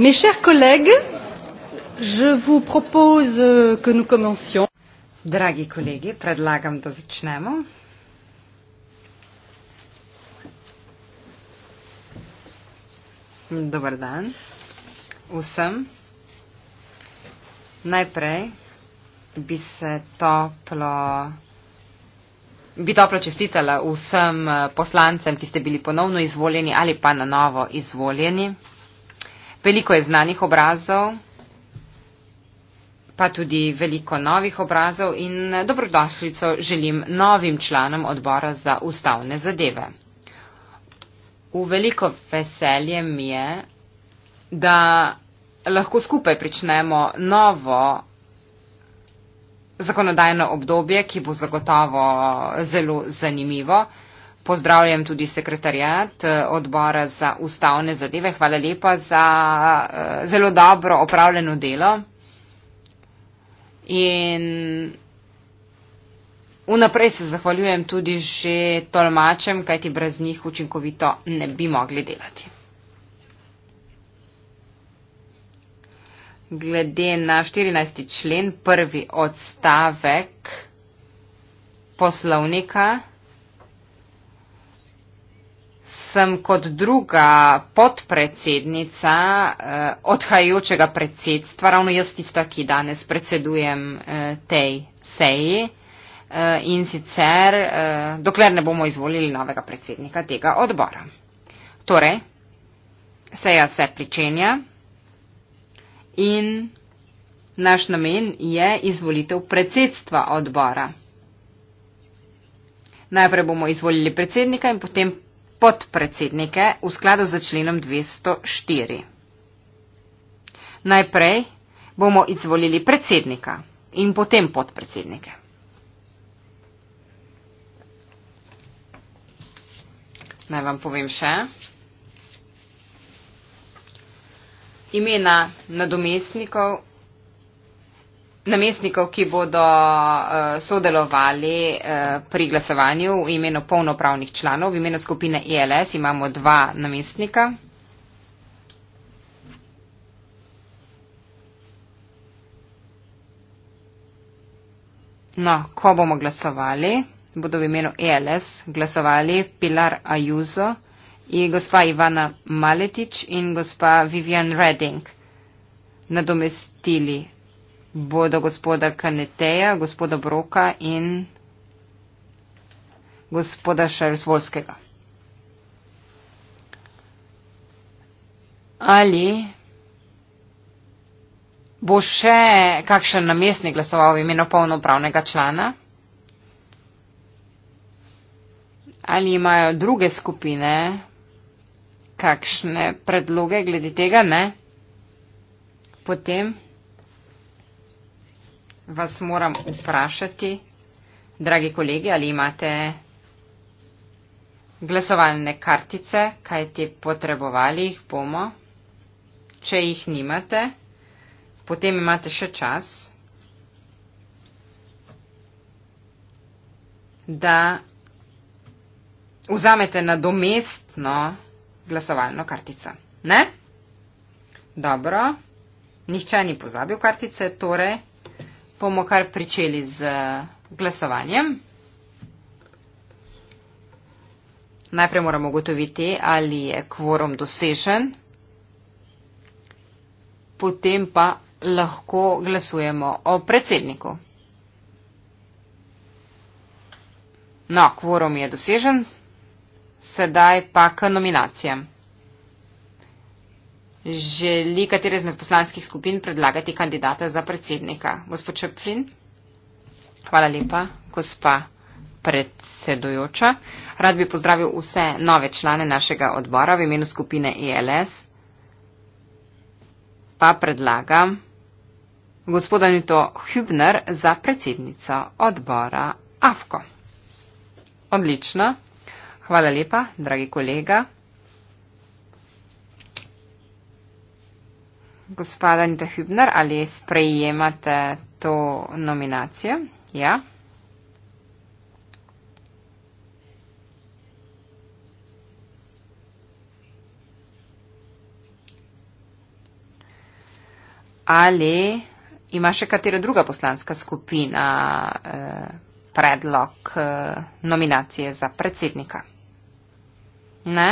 Mes chers collègues, je vous propose euh, que nous commencions. Dragi kolegi, predlagam, da začnemo. Dobar dan vsem. Najprej bi se toplo bi toplo čestitala vsem eh, poslancem, ki ste bili ponovno izvoljeni ali pa na novo izvoljeni. Veliko je znanih obrazov, pa tudi veliko novih obrazov in dobrodošljico želim novim članom odbora za ustavne zadeve. V veliko veselje mi je, da lahko skupaj pričnemo novo zakonodajno obdobje, ki bo zagotovo zelo zanimivo pozdravljam tudi sekretarjat eh, odbora za ustavne zadeve. Hvala lepa za eh, zelo dobro opravljeno delo. In vnaprej se zahvaljujem tudi že tolmačem, kajti brez njih učinkovito ne bi mogli delati. Glede na 14. člen, prvi odstavek poslovnika sem kot druga podpredsednica eh, odhajajočega predsedstva, ravno jaz tista, ki danes predsedujem eh, tej seji eh, in sicer eh, dokler ne bomo izvolili novega predsednika tega odbora. Torej, seja se pričenja in naš namen je izvolitev predsedstva odbora. Najprej bomo izvolili predsednika in potem podpredsednike v skladu z členom 204. Najprej bomo izvolili predsednika in potem podpredsednike. Naj vam povem še. Imena nadomestnikov namestnikov, ki bodo uh, sodelovali uh, pri glasovanju v imenu polnopravnih članov. V imenu skupine ILS e imamo dva namestnika. No, ko bomo glasovali, bodo v imenu ELS glasovali Pilar Ajuzo in gospa Ivana Maletič in gospa Vivian Redding nadomestili bodo gospoda Kaneteja, gospoda Broka in gospoda Šarsvolskega. Ali bo še kakšen namestnik glasoval v imenu polnopravnega člana? Ali imajo druge skupine kakšne predloge glede tega? Ne. Potem vas moram vprašati, dragi kolegi, ali imate glasovalne kartice, kaj ti potrebovali jih bomo. Če jih nimate, potem imate še čas, da vzamete nadomestno glasovalno kartico. Ne? Dobro. Nihče ni pozabil kartice, torej bomo kar pričeli z eh, glasovanjem. Najprej moramo ugotoviti, ali je kvorum dosežen, potem pa lahko glasujemo o predsedniku. No, kvorum je dosežen, sedaj pa k nominacijam. Želi katere izmed poslanskih skupin predlagati kandidata za predsednika? Gospod Čeplin? Hvala lepa, gospa predsedujoča. Rad bi pozdravil vse nove člane našega odbora v imenu skupine ELS. Pa predlagam gospoda Nito Hübner za predsednico odbora AFKO. Odlično. Hvala lepa, dragi kolega. gospoda Nita Hübner, ali sprejemate to nominacijo? Ja. Ali ima še katera druga poslanska skupina eh, predlog eh, nominacije za predsednika? Ne?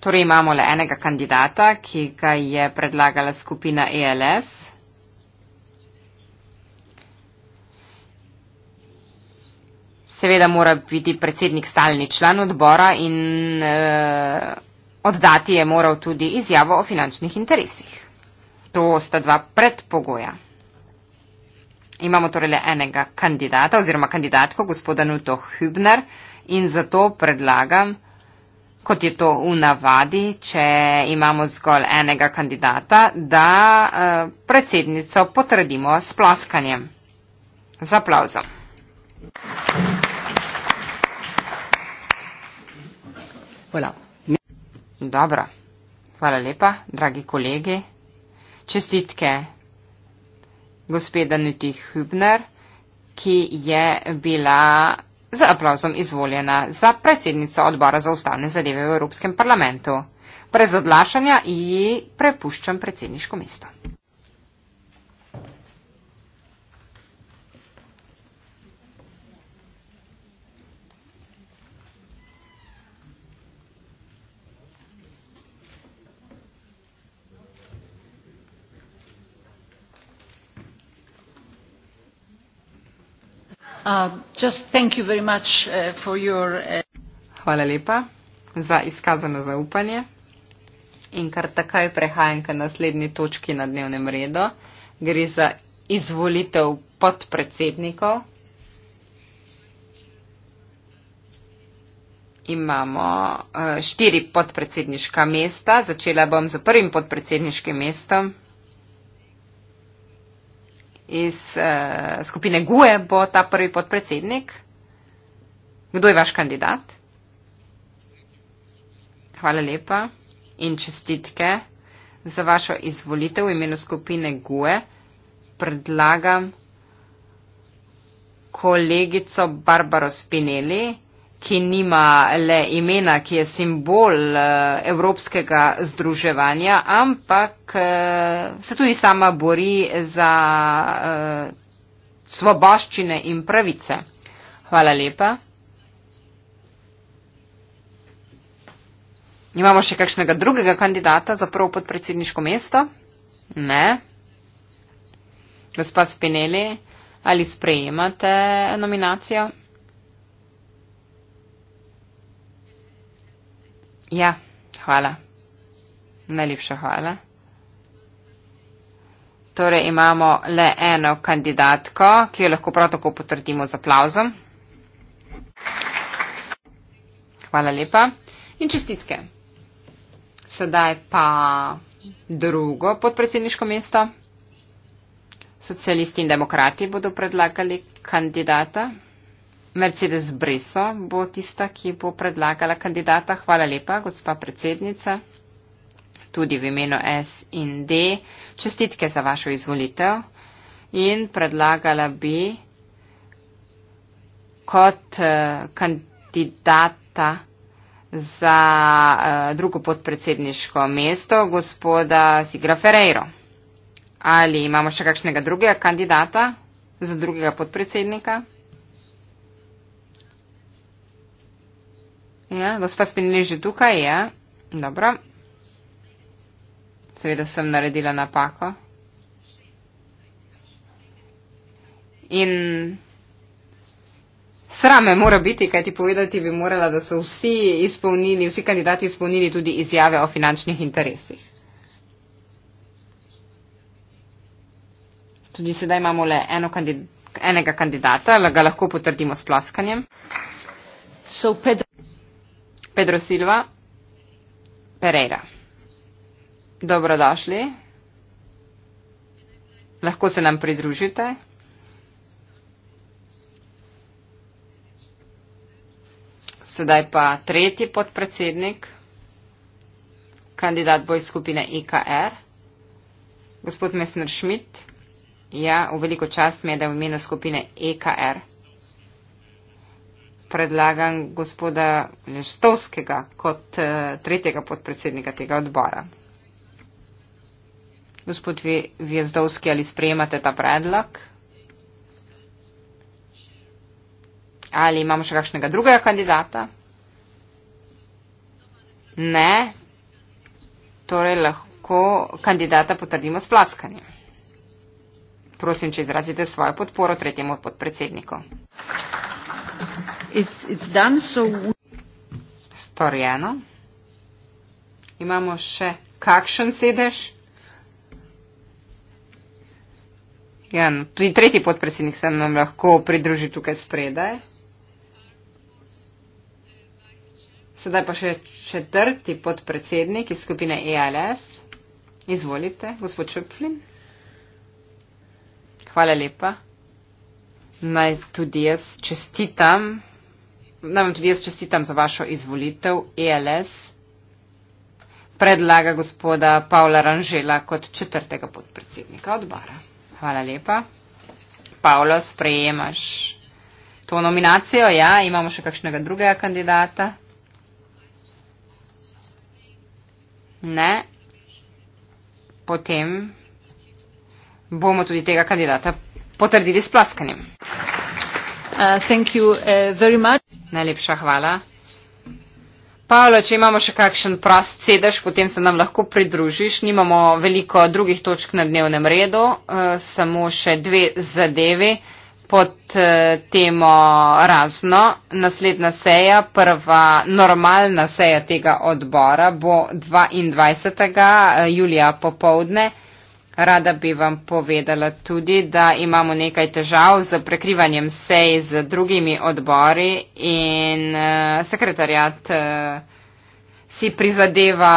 Torej imamo le enega kandidata, ki ga je predlagala skupina ELS. Seveda mora biti predsednik stalni član odbora in e, oddati je moral tudi izjavo o finančnih interesih. To sta dva predpogoja. Imamo torej le enega kandidata oziroma kandidatko, gospoda Nuto Hübner, in zato predlagam, kot je to v navadi, če imamo zgolj enega kandidata, da eh, predsednico potrdimo s ploskanjem. Z aplauzom. Hvala. Dobro. Hvala lepa, dragi kolegi. Čestitke gospeda Nutih Hübner, ki je bila z aplauzom izvoljena za predsednico odbora za ustavne zadeve v Evropskem parlamentu. Brez odlašanja ji prepuščam predsedniško mesto. Uh, uh, Hvala lepa za izkazano zaupanje. In kar takoj prehajam k naslednji točki na dnevnem redu, gre za izvolitev podpredsednikov. Imamo uh, štiri podpredsedniška mesta. Začela bom z prvim podpredsedniškim mestom iz uh, skupine GUE bo ta prvi podpredsednik. Kdo je vaš kandidat? Hvala lepa in čestitke za vašo izvolitev v imenu skupine GUE. Predlagam kolegico Barbaro Spinelli ki nima le imena, ki je simbol eh, evropskega združevanja, ampak eh, se tudi sama bori za eh, svoboščine in pravice. Hvala lepa. Imamo še kakšnega drugega kandidata za prvo podpredsedniško mesto? Ne. Gospod Spinelli, ali sprejemate nominacijo? Ja, hvala. Najlepša hvala. Torej imamo le eno kandidatko, ki jo lahko prav tako potrdimo z aplauzom. Hvala lepa in čestitke. Sedaj pa drugo podpredsedniško mesto. Socialisti in demokrati bodo predlagali kandidata. Mercedes Breso bo tista, ki bo predlagala kandidata. Hvala lepa, gospa predsednica, tudi v imenu S in D. Čestitke za vašo izvolitev in predlagala bi kot eh, kandidata za eh, drugo podpredsedniško mesto gospoda Sigra Ferreiro. Ali imamo še kakšnega drugega kandidata za drugega podpredsednika? Ja, gospa Spinelli že tukaj, ja. Dobro. Seveda sem naredila napako. In srame mora biti, kaj ti povedati bi morala, da so vsi izpolnili, vsi kandidati izpolnili tudi izjave o finančnih interesih. Tudi sedaj imamo le eno kandid enega kandidata, ga lahko potrdimo s ploskanjem. So, Pedro Silva Pereira. Dobrodošli. Lahko se nam pridružite. Sedaj pa tretji podpredsednik, kandidat boj skupine IKR, gospod Messner Schmidt. Ja, v veliko čast mi je, da v imenu skupine IKR e predlagam gospoda Ljustovskega kot eh, tretjega podpredsednika tega odbora. Gospod Vjezdovski, ali sprejemate ta predlog? Ali imamo še kakšnega drugega kandidata? Ne. Torej lahko kandidata potrdimo s plaskanjem. Prosim, če izrazite svojo podporo tretjemu podpredsedniku. Storjeno. Imamo še kakšen sedež? Ja, no, tudi tretji podpredsednik se nam lahko pridruži tukaj spredaj. Sedaj pa še četrti podpredsednik iz skupine ELS. Izvolite, gospod Čöpflin. Hvala lepa. Naj tudi jaz čestitam Naj vam tudi jaz čestitam za vašo izvolitev ELS. Predlaga gospoda Pavla Ranžela kot četrtega podpredsednika odbora. Hvala lepa. Pavlo, sprejemaš to nominacijo? Ja, imamo še kakšnega drugega kandidata? Ne. Potem bomo tudi tega kandidata potrdili s plaskanjem. Uh, Najlepša hvala. Paolo, če imamo še kakšen prost sedež, potem se nam lahko pridružiš. Nimamo veliko drugih točk na dnevnem redu, eh, samo še dve zadevi pod eh, temo razno. Naslednja seja, prva normalna seja tega odbora bo 22. Eh, julija popovdne. Rada bi vam povedala tudi, da imamo nekaj težav z prekrivanjem sej z drugimi odbori in eh, sekretarjat eh, si prizadeva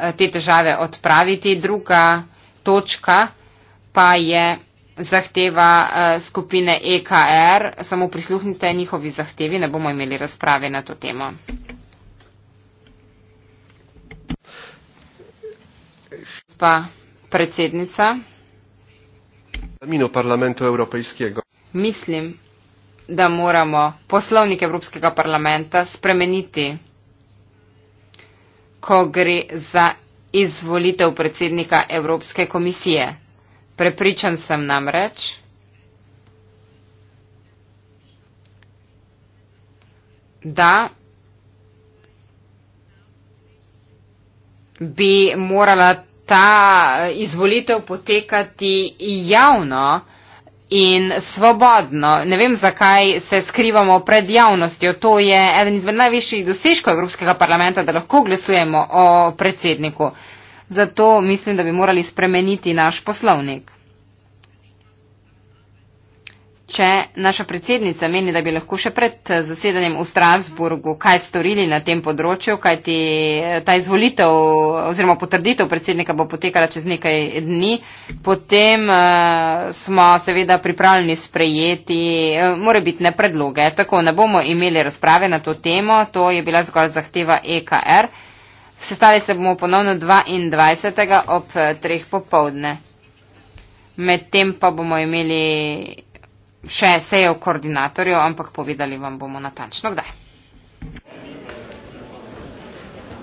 eh, te težave odpraviti. Druga točka pa je zahteva skupine EKR. Samo prisluhnite njihovi zahtevi, ne bomo imeli razprave na to temo. Pa predsednica. Mislim, da moramo poslovnik Evropskega parlamenta spremeniti, ko gre za izvolitev predsednika Evropske komisije. Prepričan sem namreč, da bi morala ta eh, izvolitev potekati javno in svobodno. Ne vem, zakaj se skrivamo pred javnostjo. To je eden izmed najvišjih dosežkov Evropskega parlamenta, da lahko glasujemo o predsedniku. Zato mislim, da bi morali spremeniti naš poslovnik. Če naša predsednica meni, da bi lahko še pred zasedanjem v Strasburgu kaj storili na tem področju, kaj ti eh, ta izvolitev oziroma potrditev predsednika bo potekala čez nekaj dni, potem uh, smo seveda pripravljeni sprejeti uh, morebitne predloge. Tako ne bomo imeli razprave na to temo, to je bila zgolj zahteva EKR. Sestali se bomo ponovno 22. ob 3. popovdne. Medtem pa bomo imeli še sejo koordinatorjev, ampak povedali vam bomo natančno kdaj.